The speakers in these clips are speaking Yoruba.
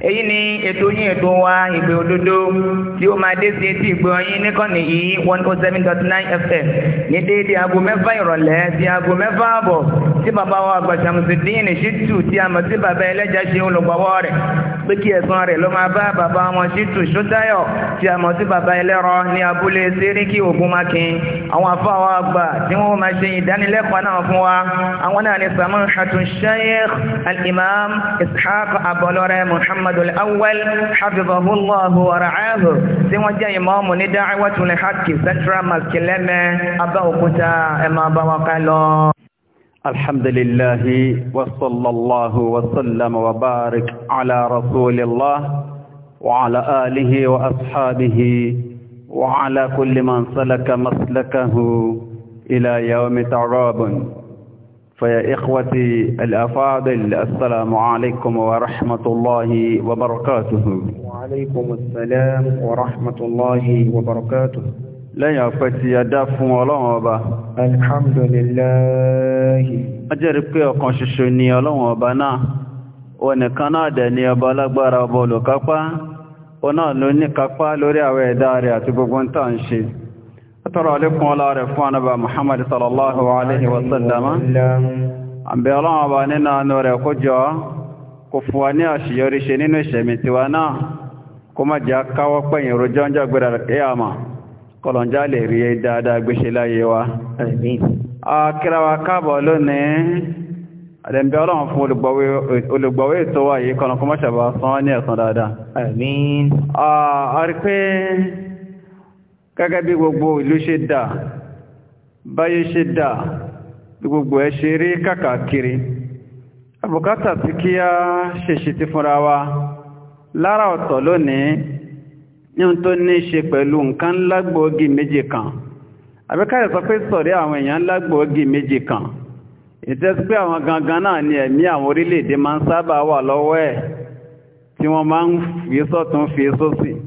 èyí ni ètò yín ètò wa ìgbé òdodo tí ó máa dé sí etí ìgbé ọyìn níkànnì yìí one oh seven dot nine fm ní déédéé aago mẹ́fà ìrọ̀lẹ́ sí aago mẹ́fà àbọ̀ tí bàbá wa Ṣàmùsídíìnì Ṣítù tí a mọ̀ sí bàbá ẹlẹ́jà ṣe olùgbọ́wọ́ rẹ̀ pé kí ẹ̀sán rẹ̀ ló máa bá bàbá wọn Ṣítù Ṣótáyọ̀ tí a mọ̀ sí bàbá ẹlẹ́rọ ní abúlé Séríkì Ògúnmákin àwọn afáwọn àgbà tí wọ́n máa ṣe ìdánilẹ́kọ̀ọ́ náà fún wa àwọn náà ni Samahatu Sheikh Al-Imam Ishaq Abọlọ́rẹ́ Muhammad muhammadu al-awwal hafizahu allahu wa ra'ahu tí wọ́n jẹ́ ìmáàmù ní da'watul haqq central mosque lẹ́mẹ́ abẹ́òkúta ẹ̀ máa bá wa ká lọ. الحمد لله وصلى الله وسلم وبارك على رسول الله وعلى آله وأصحابه وعلى كل من سلك مسلكه إلى يوم تعراب فيا إخوتي الأفاضل السلام عليكم ورحمة الله وبركاته وعليكم السلام ورحمة الله وبركاته lẹ́yìn ọ̀pẹ́ ti adá fún ọlọ́run ọba alhamdulillahi a jẹ́rìí pé ọ̀kan ṣoṣo ni ọlọ́run ọba náà o nìkan náà dẹ̀ ni ọba alágbára ọba olùkápá o náà ló ní kápá lórí àwọn ẹ̀dá rẹ̀ àti gbogbo ń tàn ṣe tọrọ alékún ọlá rẹ̀ fún anábà muhammad sallallahu alaihi wasallama àbẹ̀ ọlọ́run ọba nínú àánú rẹ̀ kó jọ kó fún wa ní àṣeyọrí ṣe nínú ìṣẹ̀mí tiwa náà kó má jẹ́ káwọ́ pẹ̀yìn rojọ́ ń jágbéra kíyàmà kọlọ̀njá lè rí dáadáa gbéṣe láyé wa akírawa káàbọ̀ lónìí àdẹ̀m̀bẹ̀ ọlọ́run fún olùgbọ̀wé ètò wa yìí kọlọ̀kọ́ sán ní ẹ̀sán dáadáa gẹ́gẹ́ bí gbogbo ìlú ṣe dà báyé ṣe dà bí gbogbo ẹ ṣe rí kàkàkiri àbùkátà tí kí a ṣèṣì ti fúnra wa lára ọ̀tọ̀ lónìí ní ohun tó ní ṣe pẹ̀lú nǹkan lágbòógì méjì kan àbíkáyọ̀ sọ pé sọ̀rí àwọn èèyàn lágbòógì méjì kan ìtẹ́sí pé àwọn gangan náà ni ẹ̀mí àwọn orílẹ̀-èdè máa ń sábà wà lọ́wọ́ ẹ̀ tí wọ́n máa ń fi sọ́tún fi sósì. So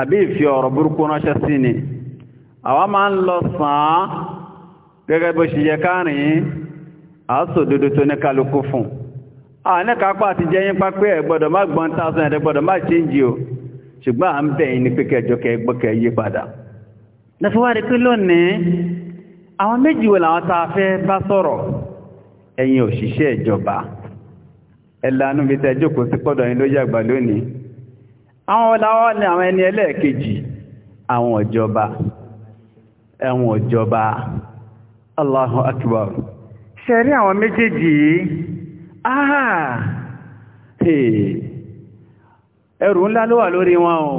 àbí ìfi ọ̀rọ̀ burúkú ránṣẹ́ sí ni àwa máa ń lọ sàn-án gẹ́gẹ́ bó ṣe yẹ káàrin àásòdodo tó ní kálukú fún a ní kápá àti jẹyìn pápẹ́ ẹ̀ gbọ́dọ̀ má gbọ́n tásán ẹ̀rẹ́ gbọ́dọ̀ má ṣe ń jí o ṣùgbọ́n àwọn ọláwọ́ ni àwọn ẹni ẹlẹ́ẹ̀kejì àwọn ọ̀jọba ẹ̀wọ̀n ọ̀jọba Allahu Akbar ṣẹ̀rí àwọn méjèèjì áhà ẹrù ńlá ló wà lórí wọn o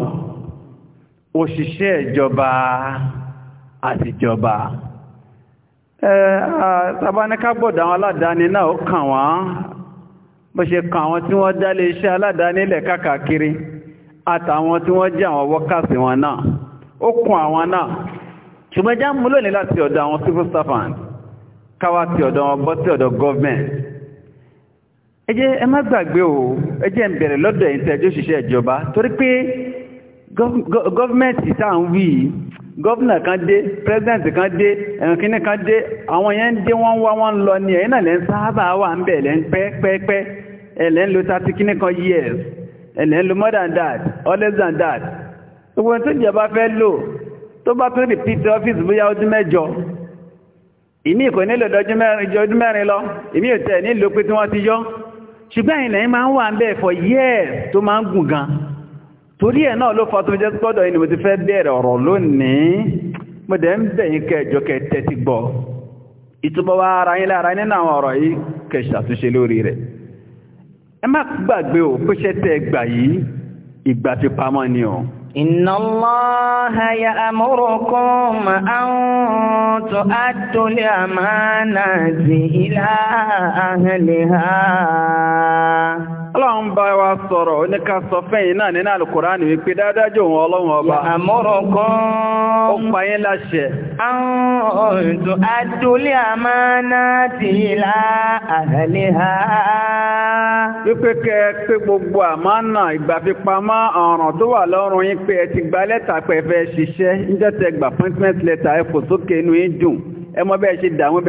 òṣìṣẹ́ ìjọba àtijọba tàbáníkágbọ̀dọ̀ àwọn náà ó kàn wọ́n bó ṣe kàn wọ́n tí wọ́n dálé iṣẹ́ ilẹ̀ àtàwọn tí wọ́n jẹ́ àwọn wọ́kàsí wọn náà ó kún àwọn náà ṣùgbọ́n já múlò ní láti ọ̀dọ̀ àwọn civil servant káwà ti ọ̀dọ̀ wọn bọ́ sí ọ̀dọ̀ government ẹ ẹ má gbàgbé o ẹ government tá president kan dé ẹ̀rùn kíní kan dé àwọn yẹn ń dé wọ́n wá wọ́n lọ ní ẹ̀ lẹ́ ń lo thirty kíní years ẹ̀lẹ́ lo more than that always than that gbogbo tó jẹba fẹ́ lò tó bá tó repeat office bóyá ọdún mẹ́jọ ìmí kò nílò ọdún mẹ́rin lọ ìmí ò tẹ̀ nílò pé tí wọ́n ti yọ ṣùgbọ́n ìlẹ̀yìn máa ń wà ń bẹ́ẹ̀ for years tó máa ń gùn gan torí ẹ̀ náà ló fa tó jẹ́ pọ́dọ̀ yìí ni mo ti fẹ́ bẹ̀rẹ̀ ọ̀rọ̀ lónìí mo dẹ̀ ń bẹ̀yìn kẹjọ kẹ tẹ́tí gbọ́ ìtúbọ̀ wa ara yín lára nínú àwọn ọ̀rọ̀ yìí kẹ ṣàtúnṣe lórí rẹ̀ ẹ má gbàgbé ò pé ṣẹ́ tẹ́ gbà yìí ìgbà ti pamọ́ ni ọ̀. Inna Allaha ya'murukum an tu'addu al-amanati ila ahliha. ọlọ́run bá wa sọ̀rọ̀ oníká sọ fẹ́yìn náà nínú alùkùránì wípé dájájò wọn ọlọ́run ọba àmọ́rọ̀ kan ó pàyín láṣẹ àwọn ọ̀dọ̀ adúlé àmánà ti ilá àhẹ́lẹ́ ha wípé kẹ gbogbo ìgbàfipamọ́ ọ̀ràn tó wà lọ́rùn yín pé ẹ ti gba lẹ́tà pẹ̀fẹ́ ṣiṣẹ́ níjẹ́tẹ̀ gbà appointment letter ẹ kò sókè inú dùn ẹ mọ bẹ́ẹ̀ ṣe dààmú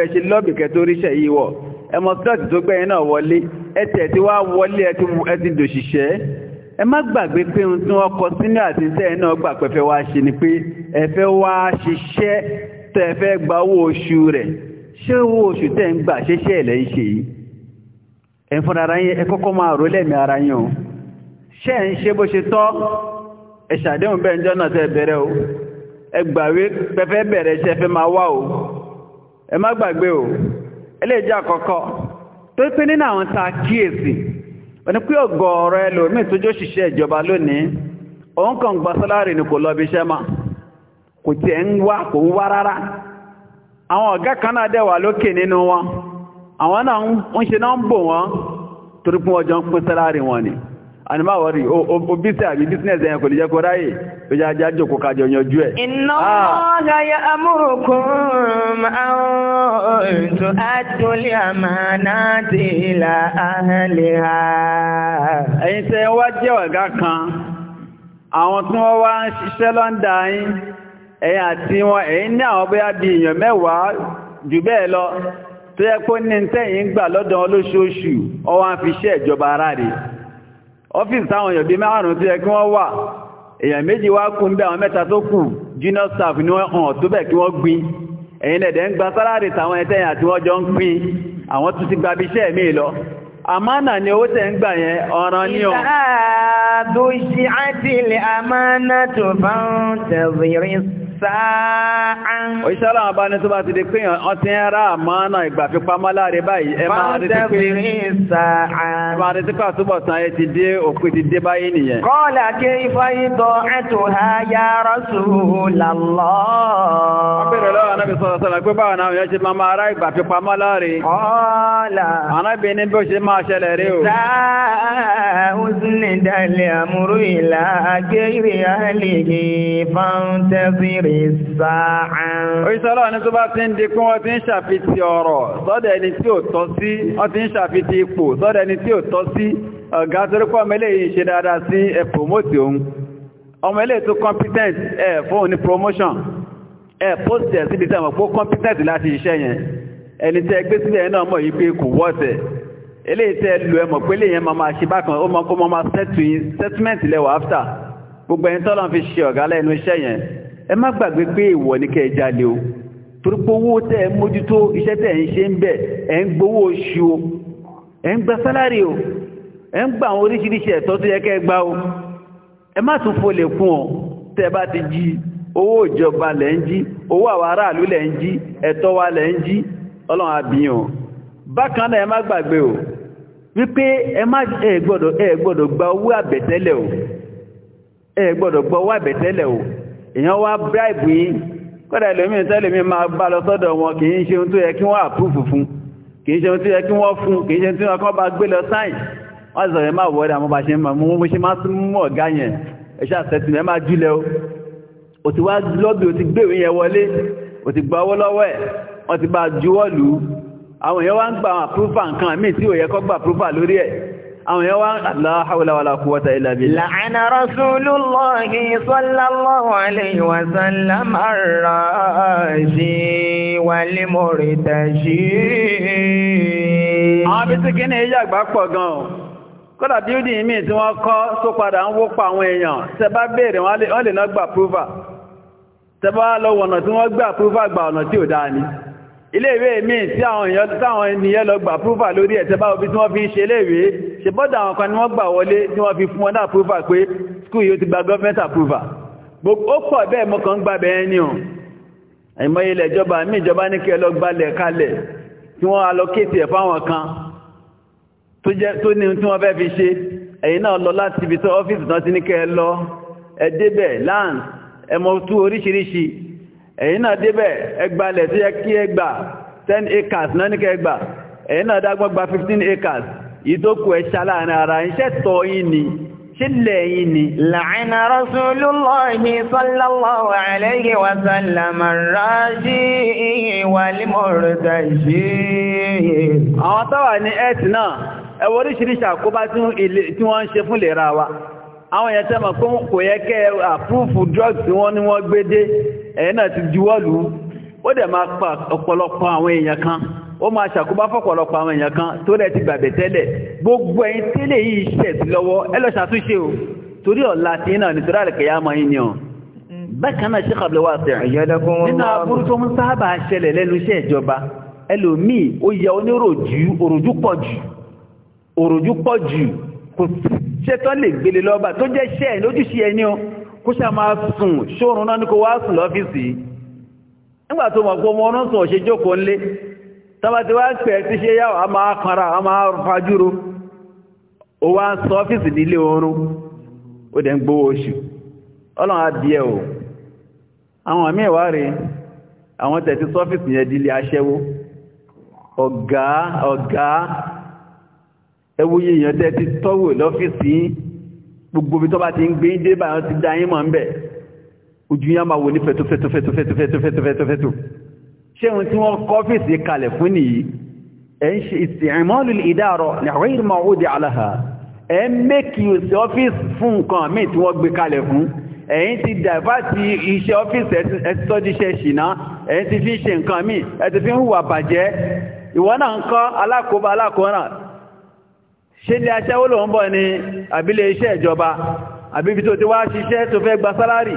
ẹmọ̀sílọ́tì tó gbẹ̀yìn náà wọlé ẹtì ẹ̀tì wá wọlé ẹtì dòṣìṣẹ́ ẹ má gbàgbé pé ohun tí wọ́n kọ sínú àti sẹ́yìn náà gbà pẹ́fẹ́ wá ṣe ni pé ẹ̀fẹ́ wá ṣiṣẹ́ tẹ́fẹ́ gba owó oṣù rẹ̀ ṣé owó oṣù tẹ́ ń gbà ṣeṣẹ́ ẹ̀lẹ́ ń ṣe yìí ẹ̀ ń fúnra ara yín ẹ kọ́kọ́ máa rò lẹ́mìí ara yín o ṣé ń ṣe bó ṣe tọ́ ẹ̀ ṣàdéhùn bẹ́ẹ̀ ńjọ́ náà tẹ́ bẹ̀rẹ̀ o ẹ gbàwé pẹ́fẹ́ bẹ̀rẹ̀ ṣẹ́fẹ́ máa wá o ẹ má gbàgbé o eléjì àkọ́kọ́ tó pé nínú àwọn kiesi, a kíyèsí wọ́n ni pé ọ̀gọ̀ọ̀rọ̀ ẹlòmíì tó jó ṣiṣẹ́ ìjọba lónìí òun kan gba ni kò lọ iṣẹ́ mọ́ kò tiẹ̀ ń wá kò ń wá rárá àwọn ọ̀gá kan náà lókè nínú wọn àwọn náà ń ṣe náà ń bò ni. anima wari o o o bisi abi business yẹn kò lè jẹ́ kó ráyè tó jẹ́ ajá jòkó kájọ yanjú ẹ̀. inna ah. Allaha ya'murukum an tu'addul amanati ila ahliha. ẹ̀yin tẹ́ wá jẹ́ ọ̀gá kan àwọn tí wọ́n wá ń ṣiṣẹ́ lọ́ndà yín ẹ̀yin àti wọn ẹ̀yin ní àwọn bóyá bíi èèyàn mẹ́wàá jù bẹ́ẹ̀ lọ tó yẹ kó ní tẹ́yìn gbà lọ́dọ̀ ọlóṣooṣù ọwọ́ àfiṣẹ́ ìjọba ara rẹ̀. ọ́fíìsì táwọn èèyàn bí márùn-ún tí ẹ wọ́n wà èèyàn méjì wá kú ń bẹ àwọn mẹ́ta tó kù junior staff ni wọ́n hàn tó bẹ̀ kí gbin ẹ̀yin lẹ̀dẹ̀ ń gba sálárì táwọn ẹ̀tẹ́yìn wọ́n jọ ń àwọn tún ti gbabi iṣẹ́ mi lọ ni owó yẹn ọ̀ràn tó bá ń sáà. Òṣìṣẹ́ aláwọ̀ bá ní tó bá ti di pín ọtí ń rá àmọ́nà ìgbà fi pamọ́ láre báyìí. Ẹ máa retí pé ẹ máa retí pé àtúbọ̀tán ẹ ti dé òpin ti dé báyìí nìyẹn. Kọ́ọ̀lá kí ifá ìtọ̀ ẹ̀tù ha ya Rasulullah. Wọ́n bèèrè sáà. Oríṣọ́lọ́ ní tó bá ti ń di kún wọ́n ti ń ṣàfitì ọ̀rọ̀ sọ́dọ̀ ẹni tí ò tọ́ sí, wọ́n ti ń ṣàfitì ipò sọ́dọ̀ ẹni competent ẹ fóun promotion, ẹ post ẹ̀ síbi tí àwọn pó competent láti iṣẹ́ yẹn. Ẹni tí ẹ gbé sílẹ̀ náà mọ̀ yìí pé kò wọ́ọ̀tẹ̀. Eléyìí tẹ́ lu pé eléyìí yẹn máa máa ṣe bákan, ó máa kó máa settlement lẹ́wọ̀ after. Gbogbo ẹni tọ́lọ́ fi ṣe ọ̀gá lẹ́nu iṣẹ́ yẹn ẹ má gbàgbé pé ìwọ ní kẹ́ jalè o torí pé owó tẹ́ ẹ mójútó iṣẹ́ tẹ́ ẹ ń ṣe ń bẹ̀ ẹ ń gbowó oṣù o ẹ ń gba sálárì o ẹ ń gba àwọn oríṣiríṣi ẹ̀tọ́ tó yẹ kẹ́ ẹ o ẹ má tún folè kún ọ tẹ́ ẹ bá ti jí owó ìjọba lẹ̀ ń jí owó àwọn aráàlú lẹ̀ ń jí ẹ̀tọ́ wa lẹ̀ ń jí ọlọ́run àbíyàn bákan náà ẹ má gbàgbé o wípé ẹ má ẹ gbọ́dọ̀ ẹ gbọ́dọ̀ gba owó àbẹ̀tẹ́lẹ̀ o ẹ gbọ́dọ̀ gba owó àbẹ̀tẹ́lẹ̀ o èèyàn wá bribe yìí kọ́dà ẹlòmí tẹ́lòmí máa bá lọ sọ́dọ̀ wọn kì í ṣe ohun tó yẹ kí wọ́n àpúfù fún kì í ṣe ohun tó yẹ kí wọ́n fún kì í ṣe ohun tó yẹ kí wọ́n bá gbé lọ sáìn wọ́n sọ̀rọ̀ máa wọ́dà mọ́ bá ṣe máa mú mú ṣe máa tún mú ọ̀gá yẹn ẹ̀ṣẹ́ àtẹ́tìmẹ́ máa jùlẹ̀ o ò ti wá lọ́bì ò ti gbèrú yẹn wọlé ò ti gba owó lọ́wọ́ ẹ̀ wọ́n ti bá juwọ́ lù ú àwọn àwọn yẹn wá láhàwùlá wàlá quwwata illa billah. la'ana rasulullahi sallallahu alayhi wa sallam ar-rashi wal àwọn bí síkí ní iye pọ̀ gan-an bíúdì míì tí wọ́n kọ́ tó padà ń àwọn èèyàn tẹ bá béèrè wọ́n lè náà gbà púrúfà tẹ bá lọ wọ̀nà tí wọ́n gbà púrúfà gbà ọ̀nà tí iléèwé mi tí àwọn èèyàn táwọn ènìyàn lọ gbà púrúfà lórí ẹ̀tẹ́ báwo bí tí wọ́n fi ń ṣe iléèwé ṣe bọ́dà àwọn kan ni wọ́n gbà wọlé tí wọ́n fi fún wọn náà púrúfà pé skúl yóò ti gba government approval ó pọ̀ bẹ́ẹ̀ mọ́ kan gbà bẹ́ẹ̀ ni ọ̀ àìmọ́ ilẹ̀ ìjọba mí ìjọba ní kí ẹ lọ gbalẹ̀ kalẹ̀ tí wọ́n allocate ẹ̀ fáwọn kan tó ní tí wọ́n fẹ́ fi ṣe ẹ̀yin náà lọ láti ibi tó ọ́fíìsì tán ti ní kẹ́ ẹ lọ ẹ débẹ̀ land ẹmọ tú oríṣiríṣi ẹ̀yin náà débẹ̀ ẹgbàlẹ̀ tí ẹ kí ẹgbà 10 acres náà ní kẹgbà ẹ̀yin náà dágbọ́n gba 15 acres ìdókù ẹ̀ṣà láàrin ara iṣẹ́ tọ́ ni sílẹ̀ yìí ni. La'ina Rasulullahi sallallahu alayhi wa sallam Àwọn àkóbá tí wọ́n fún Àwọn ẹ̀yẹ́ náà ti juwọ́lù ó dẹ̀ máa pa ọ̀pọ̀lọpọ̀ àwọn èèyàn kan ó máa ṣàkóbá fọ́pọ̀lọpọ̀ àwọn èèyàn kan tó rẹ̀ ti gbàgbẹ̀ tẹ́lẹ̀ gbogbo ẹ̀yin tẹ́lẹ̀ yìí ṣẹ̀ sí lọ́wọ́ ẹ lọ ṣàtúnṣe o torí ọ̀la tí náà nítorí àrẹ̀kẹ̀yà máa yìí ni ọ̀ bákan náà ṣe kàbílẹ̀ wà sí nínú aburú tó ń sábà ṣẹlẹ̀ lẹ́nu iṣẹ́ ìjọba ẹlòmíì ó yẹ oníròjú òròjú pọ̀ jù òròjú pọ̀ jù kò ṣetán lè gbélé lọ́ba tó jẹ́ ṣẹ́ ẹ̀ lójúṣe kó ṣe máa sùn ṣóòrùn náà ní kó wá sùn lọ́fíìsì nígbà tó mọ̀ gbọmọ ọ̀nà sùn ọ̀ṣẹ́ jókòó ńlé tàbátí wá ń pẹ̀ tí ṣe yá a máa kanra a máa fajúro ó wá ń sọ ọ́fíìsì nílé oorun ó dẹ̀ ń gbówó oṣù ọlọ́run adìẹ o àwọn àmì ìwà rèé àwọn tẹ̀tí sọ́fíìsì yẹn dílé aṣẹ́wó gbogbo bí tó bá ti ń gbé dé bá ti dá yín mọ̀ ń bẹ̀ ojú yá máa wò ní fẹ́tofẹ́tofẹ́tofẹ́tofẹ́tofẹ́tofẹ́tò ṣé ohun tí wọ́n kọ́ ọ́fíìsì kalẹ̀ fún nìyí ẹ̀ ń ṣe ìsìnmọ́lù ìdárọ̀ ní àwọn ìrìnmọ̀ òde aláha ẹ̀ ń mẹ́kì òsì ọ́fíìsì fún nǹkan míì tí wọ́n ṣe ilé aṣẹ́wó ló ń bọ̀ ní àbílẹ̀ iṣẹ́ ìjọba àbíbi tó ti wá ṣiṣẹ́ tó fẹ́ gba sálárì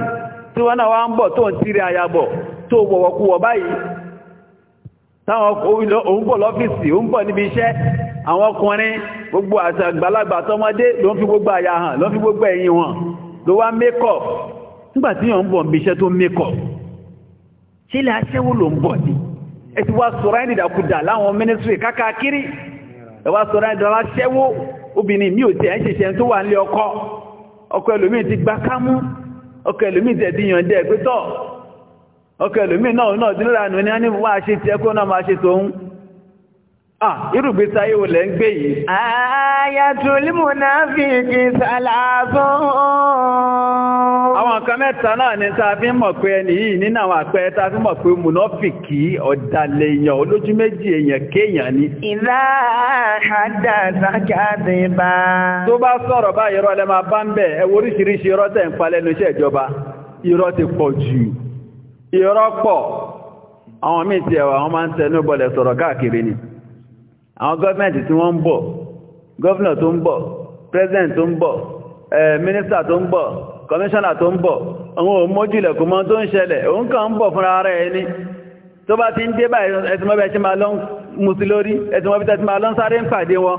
tí wọ́n náà wá ń bọ̀ tó ń tiri àyàbọ̀ tó wọ̀wọ̀kúwọ̀ báyìí táwọn òun bọ̀ lọ́fíìsì òun bọ̀ níbi iṣẹ́ àwọn ọkùnrin gbogbo àgbàlagbà tọmọdé ló ń fi gbogbo àyà hàn ló ń fi gbogbo ẹ̀yìn wọn ló ẹwà sọ̀rọ̀ ìdọ̀lá ṣẹ́wó obìnrin mi ò tẹ̀ ẹ́ ṣẹ̀ṣẹ̀ tó wà nílé ọkọ ọkọ ẹlòmíì ti gba kámú ọkọ ẹlòmíì tẹ̀ díyàn dẹ́ pẹ́tọ̀ ọkọ ẹlòmíì náà náà dínlànà ní wọ́n á ṣe tiẹ́ kó náà máa ṣe tòun Ah, irúgbésí ayé wo lẹ ń gbé yìí? Ayatul munafiki salasun. Àwọn kan mẹ́ta náà ni ta mọ̀ pé ẹni yìí nínú àwọn àpẹẹrẹ ta fi mọ̀ pé munafiki ọ̀dàlẹ̀ èèyàn olójú méjì èèyàn ni. Idha haddatha kadhiba. Tó bá sọ̀rọ̀ bá máa bá ń bẹ̀, ẹ wo oríṣiríṣi tẹ̀ ń iṣẹ́ ìjọba. ìrọ̀ ti pọ̀ jù. pọ̀. Àwọn àwọn gọ́ọ̀mẹ́ntì tí wọ́n ń bọ̀ gọ́ọ̀nà tó ń bọ̀ president tó ń bọ̀ minister tó ń bọ̀ commissioner tó ń bọ̀ àwọn òmójúlẹ̀ kò mọ́ tó ń ṣẹlẹ̀ òun kàn ń bọ̀ fúnra rẹ̀ ẹni tó bá ti ń dé báyìí ẹtùmọ́bẹ̀ tí máa lọ́n mú sí lórí ẹtùmọ́bẹ̀ máa lọ́n sáré ń pàdé wọn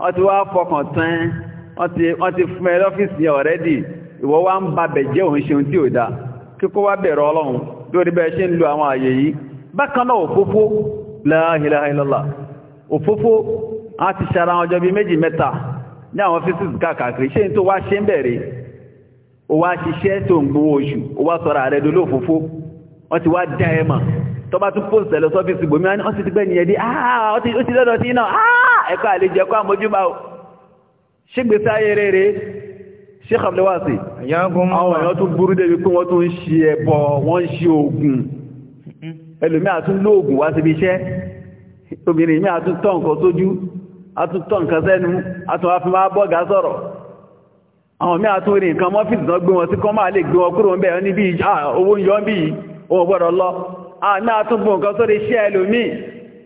wọ́n ti wá fọkàn tán wọ́n ti fún ẹ lọ́fíìsì yẹn ọ̀rẹ́dì ìwọ wá ń ba bẹ̀jẹ́ òun ṣeun tí ò da kíkó wá bẹ̀rẹ̀ ọlọ́run lórí bẹ́ẹ̀ ṣe ń lo àwọn àyè yìí bákan òfófó la ilaha illallah òfófó a ti ṣara àwọn ọjọ́ bíi méjì mẹ́ta ní àwọn fíṣíìsì káàkiri ṣé n tó wá ṣe ń bẹ̀rẹ̀ o wá ṣiṣẹ́ tó ń gbowó oṣù o wá sọ̀rọ̀ ààrẹ dolo òfófó wọ́n ti ah ó ti lọ́dọ̀ sí náà ah ẹ̀kọ́ àlejò ẹ̀kọ́ àmójúbà o ṣígbèsè ayé rere Sheikh Abdulwasi àwọn èèyàn tún burú débi pé wọ́n tún ń ṣe ẹbọ wọ́n ń ṣe oògùn ẹlòmí àtún lóògùn wá síbi iṣẹ́ obìnrin mi àtún tọ́ nǹkan sójú àtún tọ́ nǹkan sẹ́nu àtún wá fi máa bọ́gà sọ̀rọ̀ àwọn mi àtún rí nǹkan mọ́fíìsì náà gbé wọn sí kọ́ máa lè gbé wọn kúrò ń bẹ̀rẹ̀ níbi ah, owó ń yọ́ bí òun gbọ́dọ̀ lọ àmì àtún gbọ́ sórí iṣẹ́ ẹlòmíì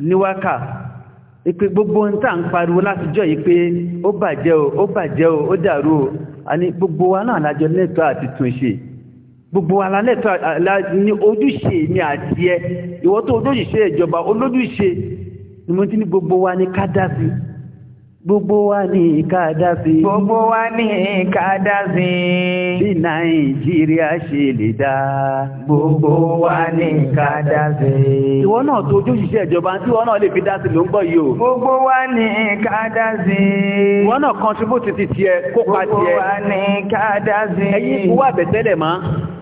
níwákà ipe gbogbo ń tà lati pariwo látijọ́ yìí pé ó bàjẹ́ o ó bàjẹ́ o ó dàrú o a ní gbogbo wa náà lájọ lẹ́tọ́ àti túnṣe gbogbo wa lẹ́tọ́ ní ojúṣe ní àti ẹ ìwọ́n tó olójúṣe ìjọba olójúṣe ni mo ti ní gbogbo wa ní ká Gbogbo wa ní ìkádá sí. Gbogbo wa ní ìkádá sí. Bí Nàìjíríà ṣe lè dá. Gbogbo wa ní ìkádá sí. Ìwọ náà tó ojú ṣiṣẹ́ ìjọba tí ìwọ náà lè fi dá sí ló ń gbọ́ yìí o. Gbogbo wa ní ìkádá Ìwọ náà contribute ti tiẹ̀ kópa tiẹ̀. Gbogbo wa ní ìkádá sí. Ẹ̀yin wà bẹ̀tẹ́lẹ̀ mọ́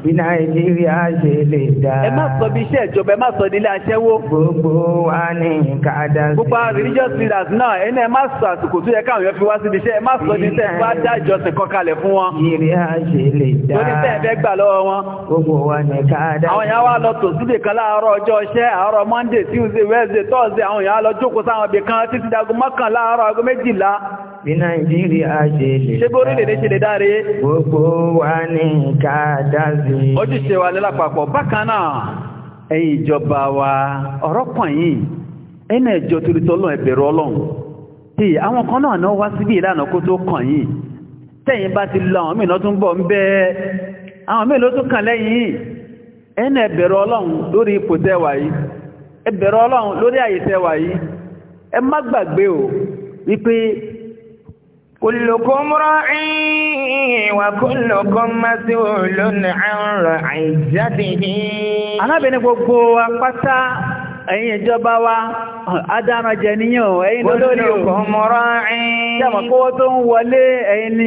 bí nàìjíríà ṣe lè dá. ẹ má sọ bí iṣẹ́ ìjọba ẹ má sọ nílé aṣẹ́wó. gbogbo wa ní kàdá sí. gbogbo religious leaders náà ẹni ẹ má sọ àsìkò tó yẹ káwọn yẹn fi wá síbi iṣẹ́ ẹ má sọ ní sẹ́ wá dá ìjọsìn fún wọn. nàìjíríà ṣe lè dá. lórí sẹ́ ẹ fẹ́ gbà lọ́wọ́ wọn. gbogbo wa ní kàdá sí. àwọn yẹn wá lọ tò kan láàárọ̀ ọjọ́ iṣẹ́ àárọ̀ monday tuesday wednesday thursday àwọn yẹn lọ jókòó bí nàìjíríà ṣe lè dá. ṣé bórí lèdè lè dáre. gbogbo wa ní ká dá sí. ó ti ṣe wa lẹ́lápapọ̀ bákan náà ẹ̀yin ìjọba wa ọ̀rọ̀ pọ̀n yìí ẹ̀nà ìjọ torítọ́ ọlọ́run ẹ̀bẹ̀rẹ̀ ọlọ́run tí àwọn kan náà náà wá síbí ìlànà kó tó kàn yìí tẹ́yìn bá ti lọ àwọn mìíràn tún bọ̀ ń bẹ́ àwọn mìíràn tún kàn lẹ́yìn ẹ̀nà ẹ̀bẹ̀rẹ̀ ọlọ́run lórí ipò tẹ́wà yìí ẹ̀bẹ̀rẹ̀ ọlọ́run lórí àyè tẹ́wà yìí ẹ má gbàgbé o wípé كلكم راعي وكلكم مسؤول عن رعيته arábìnrin gbogbo wa pátá ẹ̀yin ìjọba wa adáranjẹ níyàn ẹ̀yin lórí كلكم راعي jẹ́mọ̀ kówó tó ń wọlé ẹ̀yin ni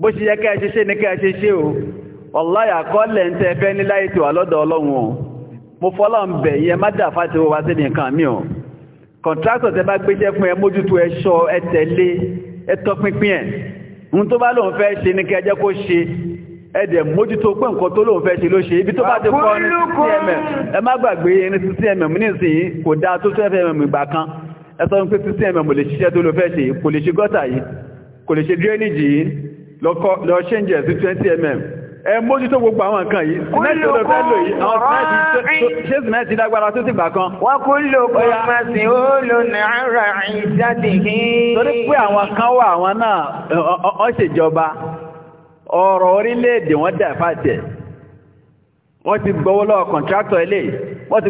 bó ṣe yẹ kẹ́ẹ̀ ṣe ṣe ní kẹ́ẹ̀ ṣe ṣe o ọláyà kọ́lẹ̀ ń tẹ́ fẹ́ ní láyé tí wà lọ́dọ̀ ọlọ́run o mo fọ́lọ́ ń bẹ̀ yẹ má dà fáti wọ́n wá sí nìkan mi o kọ̀ntrátọ̀ tẹ́ bá gbéṣẹ́ fún ẹ mójútó ẹṣọ ẹ tẹ̀lé ẹ tọpinpin ẹ̀ ohun tó bá lóun fẹ́ ṣe ní kẹjẹ́ kó ṣe ẹ̀dẹ̀ mójútó pé nǹkan tó lóun fẹ́ ṣe ló ṣe ibi tó bá ti kọ́ ní cmm ẹ má gbàgbé ẹni sí cmm nísìnyí kò dáa tó fẹ́ fẹ́ mọ̀ ìgbà kan ẹ sọ pé sí cmm lè ṣiṣẹ́ tó ló fẹ́ ṣe kò lè ṣe gọ́tà yìí kò lè ṣe drainage yìí lọ ṣẹ́ǹjẹ̀ sí 20 mm ẹ mójútó gbogbo àwọn nǹkan yìí sinẹ́tì ló fẹ́ lò yìí àwọn sinẹ́tì ṣé sinẹ́tì dágbára tó ti gbà kan. wọ́n kú ló kọ́ ó lò ìjáde torí pé àwọn kan wà àwọn náà ọ ṣèjọba orílẹ̀-èdè wọn dà fàtẹ̀ wọ́n ti eléyìí wọ́n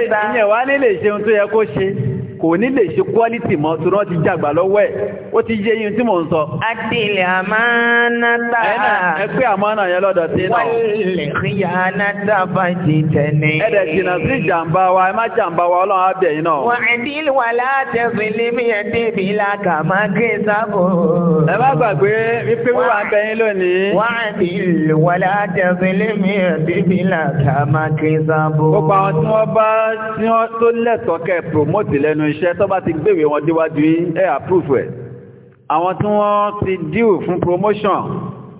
ti eléyìí wọ́n ti kò ní lè ṣe quality mọ́ tó rántí jàgbà lọ́wọ́ ẹ̀ ó ti yé yín tí mò ń sọ. Adìlẹ̀ àmánátà. Ẹ̀nà ẹ pé àmánà yẹn lọ́dọ̀ sí náà. Wọ́lẹ̀ ríyà nátà fàjì tẹ̀lé. Ẹ̀dẹ̀ jìnà sí jàǹbá wa, ẹ má jàǹbá wa ọlọ́run á bẹ̀ yín náà. Wọ́n ẹ̀dín wà látẹ̀fẹ̀ lémi ẹ̀ débi làkà máa gé sábò. Ẹ má gbàgbé wípé wíwà ń bẹ yín lónìí. Wọ́n ẹ̀dín wà látẹ̀fẹ̀ lémi ẹ̀ débi làkà máa gé sábò. Gbogbo àwọn tí wọ́n bá tí wọ́n tó lẹ́tọ̀ọ́ kẹ́ promote lẹ́nu iṣẹ́ tó bá ti gbéwèé wọn déwájú ẹ̀ approve ẹ̀ àwọn tí wọ́n ti díò fún promotion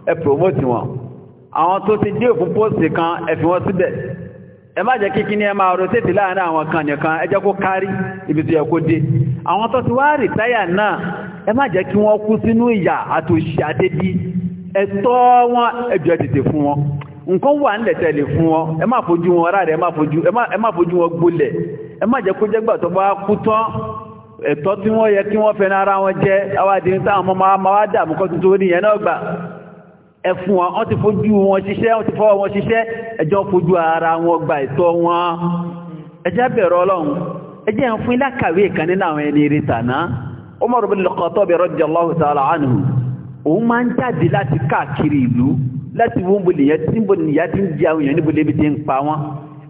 ẹ promote wọn àwọn tó ti díò fún post kan ẹ fi wọ́n síbẹ̀ ẹ má jẹ́ kíkí ní ẹ máa rotate láàrin àwọn kan nìkan ẹ jẹ́ kó kárí ibi tó yẹ kó dé àwọn tó ti wá rìtáyà náà ẹ má jẹ́ kí wọ́n kú sínú ìyà àtòṣì àdébí ẹ̀tọ́ wọn ẹjọ́ tètè fún wọn nǹkan wà ń lẹ̀tẹ̀lẹ̀ fún wọn ẹ má fojú wọn rárẹ̀ ẹ má fojú wọn gbolẹ̀ ẹ má jẹ́ kó jẹ́gbà tó bá kú tán ẹ̀tọ́ tí wọ́n yẹ kí wọ́n fẹ́ nára wọn jẹ́ awádìí táwọn ọmọ máa wá dàmú kọ́ tuntun ní ẹ̀nà ọgbà ẹ̀fún wọn wọ́n ti fojú wọn ṣiṣẹ́ wọ́n ti fọwọ́ wọn ṣiṣẹ́ ẹjọ́ fojú ara wọn gba ìtọ́ wọn ẹjẹ́ bẹ̀rọ ọlọ́run ẹjẹ́ ń fún ilákàwé kan nínú bin Khattab radiyallahu ta'ala anhu òun máa ń jáde láti káàkiri ìlú láti wọ́n bolè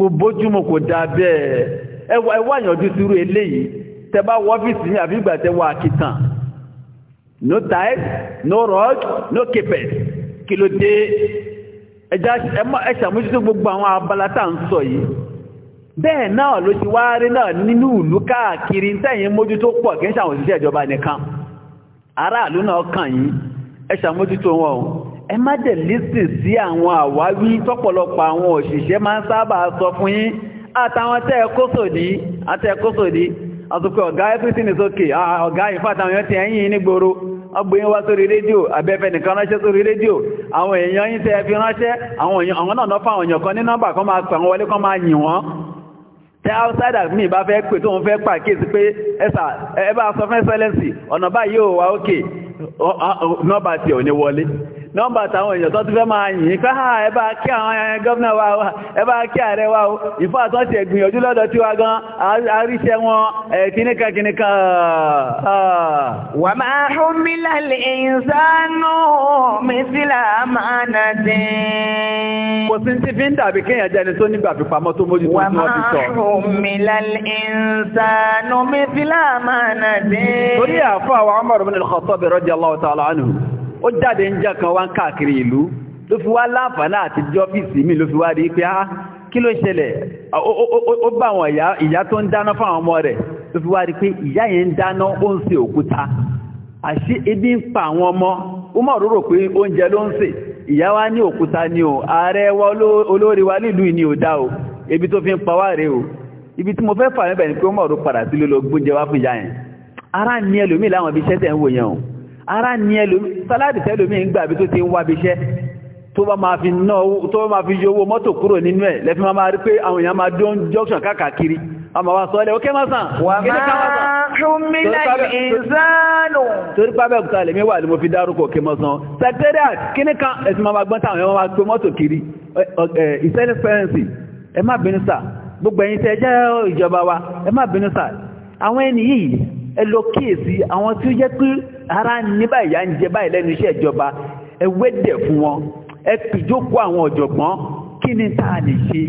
kò bójúmu kò dáa bẹ́ẹ̀ ẹwà yànjú sírú eléyìí tẹ bá wọ ọ́fíìsì ní tẹ wà no tight no rod no kí ló dé ẹ gbogbo àwọn abala tá ń sọ yìí bẹ́ẹ̀ náà ló ti wá rí náà nínú ìlú káàkiri mójútó pọ̀ kí ń ṣàwọn òṣìṣẹ́ ìjọba nìkan ẹ má dẹ̀ lísì sí àwọn àwáwí tọ́pọ̀lọpọ̀ àwọn òṣìṣẹ́ máa ń sábà sọ fún yín àtàwọn tẹ́ ẹkó sòdí àtẹ́ẹkó sòdí àtùkọ ọ̀gá everything is okay ọ̀gá ìfàtàwọn èèyàn ti ẹ̀yìn nígboro ọgbìyàn wá sórí rédíò abẹ́fẹ́ nìkan ránṣẹ́ sórí rédíò àwọn èèyàn yín tẹ́ fi ránṣẹ́ àwọn náà fáwọn èèyàn kan ní nọ́mbà kan máa pẹ̀ wọlé kan máa yìn wọ́n tẹ outsider mi bá fẹ́ pè tó ń fẹ́ pàkíyèsí pé ẹ̀sà ẹ bá sọ fún ẹ̀sẹ̀lẹ̀sì ọ̀nà báyìí ò wá òkè nọ́mbà tí ò ní wọlé nọ́mbà tàwọn èèyàn tó ti fẹ́ máa yìí pé ha ẹbá kí àwọn eh, gọ́ọ̀nà wa o ẹbá kí ààrẹ wa o ìfọ́ àtọ́ ti ẹ̀gbìyànjú lọ́dọ̀ tí wa gan àríṣẹ́ wọn kìníkan kìníkan wà máa húnmílà lè ìsánú mísílà máa nà dín kò ó jáde ń jẹ́ kan wá ń káàkiri ìlú ló fi wá láǹfààní àti jọ ọ́fíìsì mi ló fi wá rí pé á ah, kí ló ṣẹlẹ̀ ó bá àwọn ìyá tó ń dáná fún àwọn ọmọ rẹ̀ ló fi wá rí pé ìyá yẹn ń dáná ó ń ṣe òkúta àṣì ebi ń pa àwọn ọmọ ó mọ̀ rúrò pé oúnjẹ ló ń sè ìyá wa ní òkúta ni o ààrẹ wa olórí wa nílùú ìní ò dá o ebi tó fi ń pa wá o ibi tí mo fẹ́ fà mẹ́bẹ̀ ni pé ó mọ̀ rú padà sílé lọ gbóúnjẹ wá fún ìyá yẹn ara ní ẹlòmíì láwọn ibi iṣẹ́ tẹ̀ ń wò yẹn o ara ní ẹlò sáláàdì tẹ́lò mí ń gbà bí tó ti ń wá bí iṣẹ́ tó bá máa fi ná tó bá máa fi yọ owó mọ́tò kúrò nínú ẹ̀ lẹ́fí máa rí pé àwọn èèyàn máa dún junction káàkiri àmà wá sọ́ọ́lẹ̀ ókè máa sàn torí pábẹ̀ kúta lè mí wà ní mo fi dárúkọ òkè mọ́ sàn sẹ́tẹ́rẹ́ kíní kan ẹ̀sìn máa gbọ́n táwọn èèyàn máa kiri ìsẹ́lẹ̀fẹ́rẹ́nsì ẹ má bínú sà gbogbo ẹ̀yin tẹ́ jẹ́ ẹ lọ kíyèsí àwọn tí ó jẹ́ pé ara ní báyìí à ń jẹ báyìí lẹ́nu iṣẹ́ ìjọba ẹ wẹ́dẹ̀ fún wọn ẹ pìjókòó àwọn ọ̀jọ̀gbọ́n kí ni tá a lè ṣe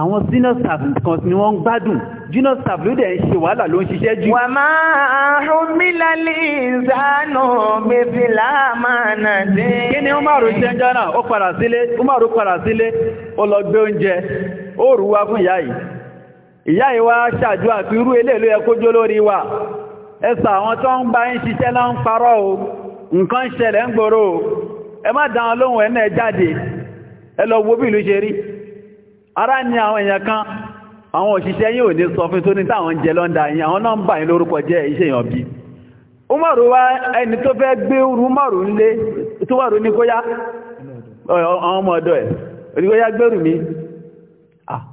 àwọn senior staff kan ni wọ́n ń gbádùn junior staff ló dẹ̀ ń ṣe wàhálà ló ń ṣiṣẹ́ jù. wà máa rúbílà lè sànù bèbí láàmánà dé. kí ni umaru ṣe ń jọ́nà ó padà sílé umaru padà sílé ó lọ gbé oúnjẹ ó rú fún ìyá yìí ìyá ìwá ṣàjú àti irú ilé ló yẹ kó jó lórí wa ẹsà àwọn tó ń bá ń ṣiṣẹ́ lọ ń parọ́ o nǹkan ṣẹlẹ̀ ń gbòrò o ẹ má dáwọn lóhùn ẹ̀nà ẹ jáde ẹ lọ wo bí ìlú ṣe rí ara ní àwọn èèyàn kan àwọn òṣìṣẹ́ yìí ní sọ fún tó ní táwọn jẹ lọ́ndà yìí àwọn náà ń bà yín lórúkọ jẹ́ iṣẹ́ èèyàn bí Umaru wa ẹni tó fẹ́ gbé Umaru ńlé tó wà rú ní kóyá ọmọ ọ̀dọ̀ ẹ̀ òní kóyá gbẹ́rù mi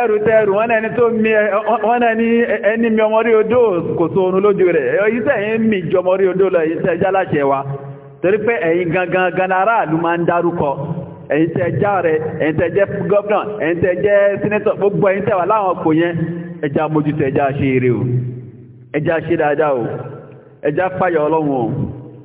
ẹrù tẹ́rù wọ́n náà ní ẹni mi ọmọrí odó kò so oorun lójú rẹ̀ èyí tẹ́yìn mi jọmọrí odó lọ èyí tẹ́ já láṣẹ wa torí pé gangan ganara aráàlú máa ń dárúkọ ẹ̀yin tẹ́ já rẹ̀ ẹ̀yin tẹ́ jẹ́ gọ́ọ̀nà ẹ̀yin gbogbo ẹ̀yin wa, wà láwọn kò yẹn ẹja mójútó ṣe eré o ṣe dáadáa o ọlọ́run o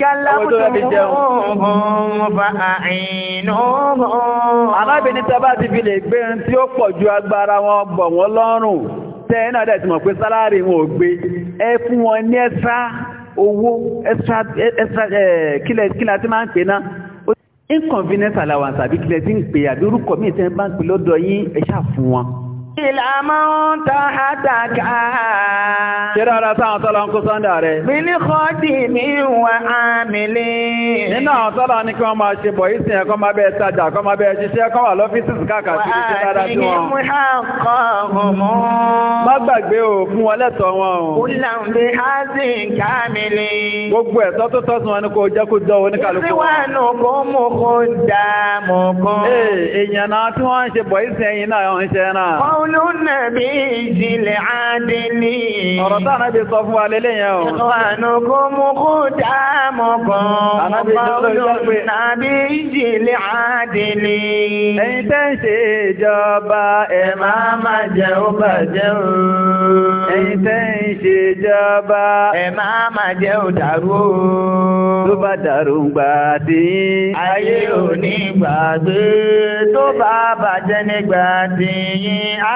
Kala kálàmù tẹ́ẹ̀nà dẹ̀ ti mọ̀ pé sálárì wọn ò gbé ẹ fún wọn ní ẹ́sá owó ẹ́sá kílẹ̀ tí máa ń pè náà inconvenience allowance àbí kílẹ̀ tí ń pè àbí orúkọ míì tẹ́ bá ń pè lọ́dọ̀ yín ẹ ṣáà fún wọn Ìlàmọ́ ta àtàkà. Ṣéra ara sáwọn tọ́lọ ń kó sọ́ndà rẹ̀. Mi ní kọ́dì mi wà ámìlì. Nínú àwọn tọ́lọ kí wọ́n máa ṣe bọ̀ ìsìn ẹ̀kọ́ máa bẹ́ẹ̀ tajà, kọ́ máa bẹ́ẹ̀ ṣiṣẹ́, kọ́ wà lọ́fíìsì káàkiri ṣe náà tí wọ́n ń ṣe bọ̀ ìsìn ẹ̀yìn náà ń ṣe náà. Kọ́ kúlú nàbí ìjìnlẹ̀ àdínní. ọ̀rọ̀ tá ànábì sọ fún wa lélẹ́yìn o. ìwànú kó mú kú dáàmú kan. kúlú nàbí ìjìnlẹ̀ àdínní. ẹ̀yin tẹ́ ń ṣe ìjọba ẹ̀ máa o. ẹ̀yin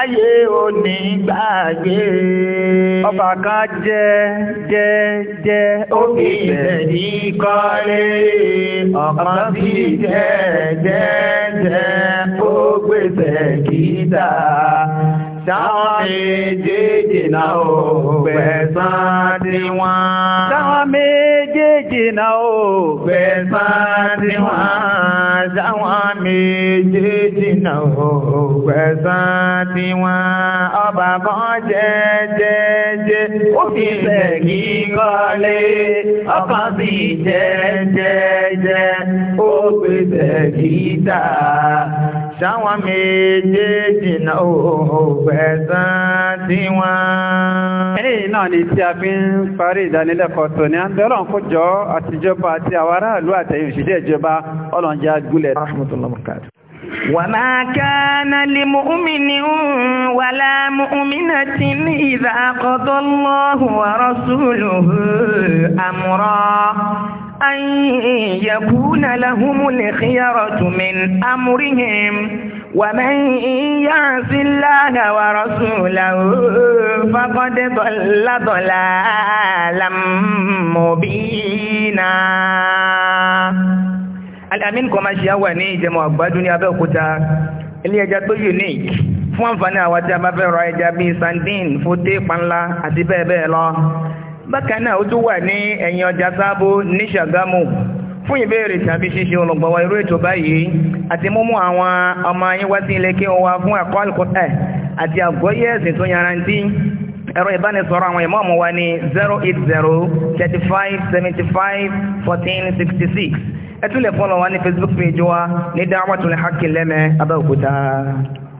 táyé ò ní gbàgbé. Ọba kan jẹ́ jẹ́ jẹ́ ó fi ibẹ̀ ní kọ́lé. Ọ̀kan sì jẹ́ jẹ́ jẹ́ ó gbèsè kìtà. Táwọn méjèèjì náà ò gbẹ̀san tiwọn. Táwọn méjèèjì jìnnà o. Gbẹ̀san tí wọ́n sáwọn méjèèjì náà o. Gbẹ̀san tí wọ́n ọba kan jẹ́jẹ́jẹ́. Ó fi ṣẹ̀gí kọ́lé, ọkàn sì jẹ́jẹ́jẹ́. Ó fi ṣẹ̀gí tà táwọn méjèèjì náà ò gbẹ̀san tí wọ́n. ẹni náà ni tí a fi ń parí ìdánilẹ́kọ̀ọ́ tó ní àndọ́rọ̀ kó jọ àtijọba àti àwọn aráàlú àtẹ̀yìn òṣìṣẹ́ ìjọba ọlọ́njà gúlẹ̀. وما كان لمؤمن ولا مؤمنة إذا قضى الله ورسوله أمرا أن يكون لهم الخيرة من أمرهم ومن يعص الله ورسوله فقد ضل ضلالا مبينا Al-Amin Commercial wà ní ìjẹmọ̀ àgbájú ní Abẹ́òkúta ilé ẹja tó unique fún àǹfààní àwọn tí a bá fẹ́ ra ẹja bíi sandin fóté panla àti bẹ́ẹ̀ bẹ́ẹ̀ lọ bákan náà ó tún wà ní ẹ̀yìn ọjà sábó ní ṣàgámù fún ìbéèrè tàbí ṣíṣe olùgbọ̀wọ́ irú ètò báyìí àti múmú àwọn ọmọ yín wá sí ilé kí wọ́n wá fún ẹ̀kọ́ àlùkọ́tẹ̀ àti àgbọ́yé ẹ̀sìn tó yarantí ẹ̀rọ ìbánisọ̀rọ̀ àwọn ìmọ̀ọ̀mù wa ní 080 35 75 14 lè fọ́lọ̀ wa ní Facebook page wa ní Da'watul Haqqi lẹ́mẹ̀ẹ́ Abẹ́òkúta